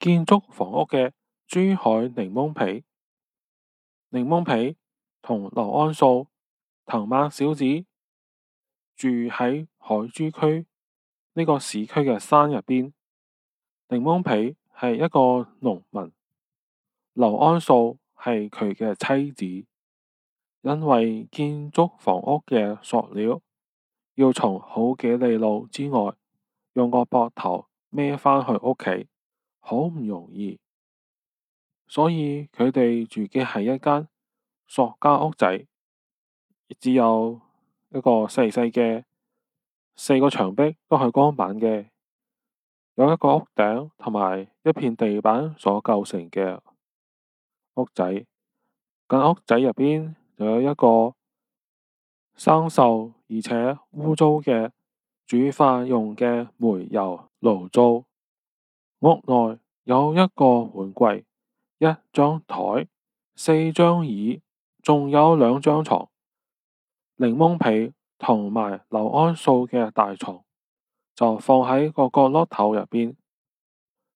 建築房屋嘅珠海檸檬皮、檸檬皮同劉安素、藤蔓小子住喺海珠區呢個市區嘅山入邊。檸檬皮係一個農民，劉安素係佢嘅妻子。因為建築房屋嘅塑料要從好幾里路之外用個膊頭孭返去屋企。好唔容易，所以佢哋住嘅係一間塑膠屋仔，只有一個細細嘅，四個牆壁都係光板嘅，有一個屋頂同埋一片地板所構成嘅屋仔。間屋仔入邊又有一個生鏽而且污糟嘅煮飯用嘅煤油爐灶，屋內。有一個碗櫃，一張台，四張椅，仲有兩張床，檸檬皮同埋劉安素嘅大床就放喺個角落頭入邊，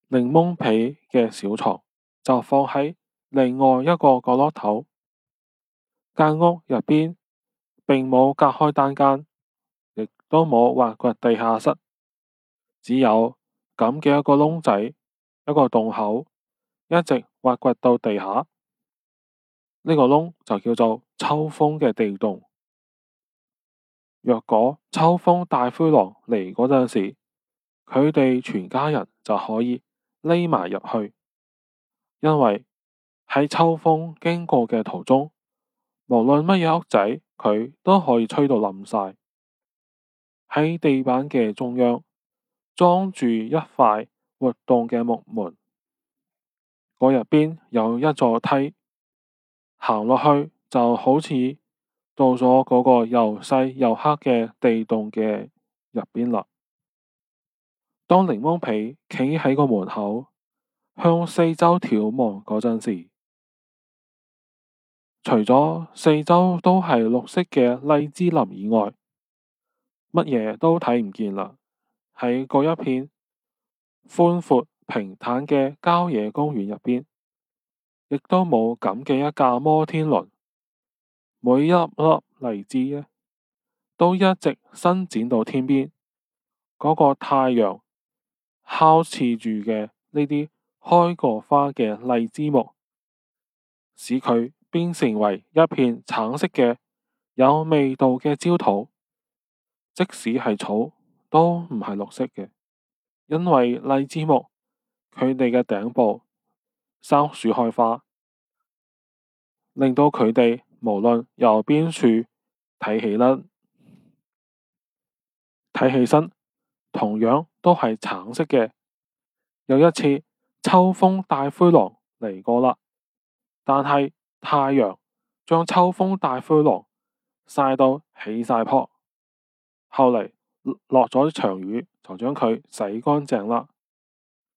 檸檬皮嘅小床就放喺另外一個角落頭。間屋入邊並冇隔開單間，亦都冇挖掘地下室，只有咁嘅一個窿仔。一個洞口一直挖掘到地下，呢、這個窿就叫做秋風嘅地洞。若果秋風大灰狼嚟嗰陣時，佢哋全家人就可以匿埋入去，因為喺秋風經過嘅途中，無論乜嘢屋仔，佢都可以吹到冧晒。喺地板嘅中央裝住一塊。活動嘅木門，嗰入邊有一座梯，行落去就好似到咗嗰個又細又黑嘅地洞嘅入邊啦。當檸檬皮企喺個門口，向四周眺望嗰陣時，除咗四周都係綠色嘅荔枝林以外，乜嘢都睇唔見啦，喺嗰一片。寬闊平坦嘅郊野公園入邊，亦都冇咁嘅一架摩天輪。每一粒荔枝呢，都一直伸展到天邊。嗰個太陽烤刺住嘅呢啲開過花嘅荔枝木，使佢變成為一片橙色嘅有味道嘅焦土。即使係草，都唔係綠色嘅。因為荔枝木佢哋嘅頂部山樹開花，令到佢哋無論由邊樹睇起身，睇起身同樣都係橙色嘅。有一次秋風大灰狼嚟過啦，但係太陽將秋風大灰狼晒到起晒坡，後嚟落咗場雨，就將佢洗乾淨啦。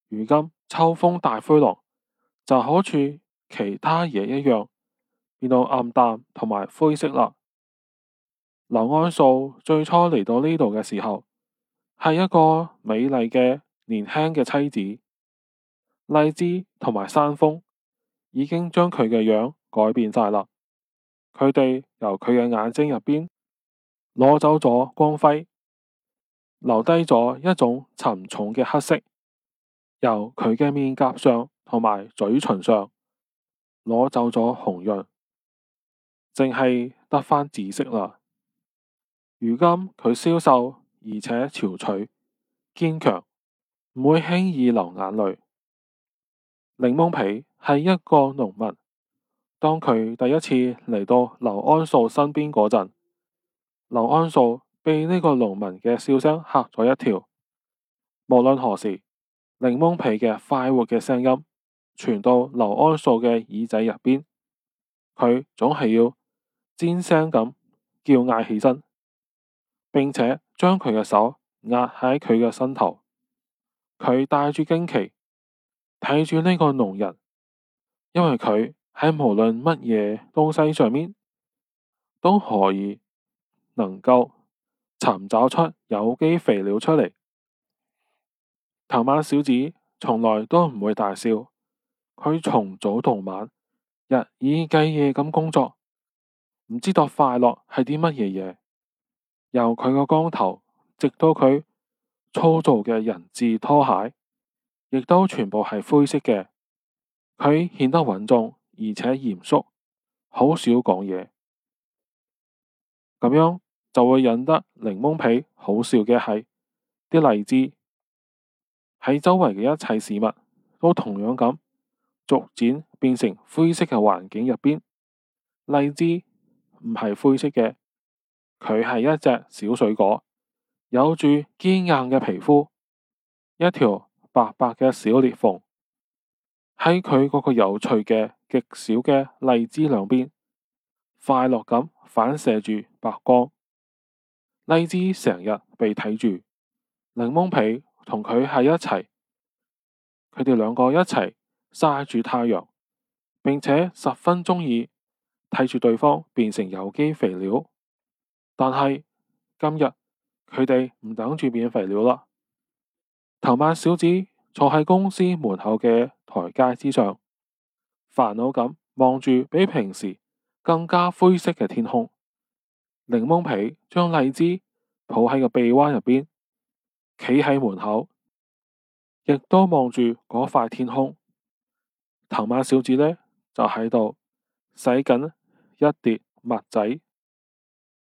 如今秋風大灰狼就好似其他嘢一樣，變到暗淡同埋灰色啦。劉安素最初嚟到呢度嘅時候，係一個美麗嘅年輕嘅妻子。荔枝同埋山峰已經將佢嘅樣改變晒啦。佢哋由佢嘅眼睛入邊攞走咗光輝。留低咗一種沉重嘅黑色，由佢嘅面頰上同埋嘴唇上攞走咗紅潤，淨係得返紫色啦。如今佢消瘦而且憔悴，堅強，唔會輕易流眼淚。檸檬皮係一個農民，當佢第一次嚟到劉安素身邊嗰陣，劉安素，被呢個農民嘅笑聲吓咗一跳。無論何時，檸檬皮嘅快活嘅聲音傳到劉安素嘅耳仔入邊，佢總係要尖聲咁叫嗌起身，並且將佢嘅手壓喺佢嘅身頭。佢帶住驚奇，睇住呢個農人，因為佢喺無論乜嘢東西上面都可以能夠。尋找出有機肥料出嚟。頭晚小子從來都唔會大笑，佢從早到晚，日以繼夜咁工作，唔知道快樂係啲乜嘢嘢。由佢個光頭，直到佢粗糙嘅人字拖鞋，亦都全部係灰色嘅。佢顯得穩重，而且嚴肅，好少講嘢。咁樣，就會引得檸檬皮好笑嘅係啲荔枝。喺周圍嘅一切事物都同樣咁逐漸變成灰色嘅環境入邊，荔枝唔係灰色嘅，佢係一隻小水果，有住堅硬嘅皮膚，一條白白嘅小裂縫喺佢嗰個有趣嘅極小嘅荔枝兩邊，快樂咁反射住白光。荔枝成日被睇住，檸檬皮同佢喺一齊，佢哋兩個一齊曬住太陽，並且十分鍾意睇住對方變成有機肥料。但係今日佢哋唔等住變肥料啦。頭晚小子坐喺公司門口嘅台階之上，煩惱咁望住比平時更加灰色嘅天空。檸檬皮將荔枝抱喺個臂彎入邊，企喺門口，亦都望住嗰塊天空。藤馬小子呢就喺度洗緊一碟麥仔。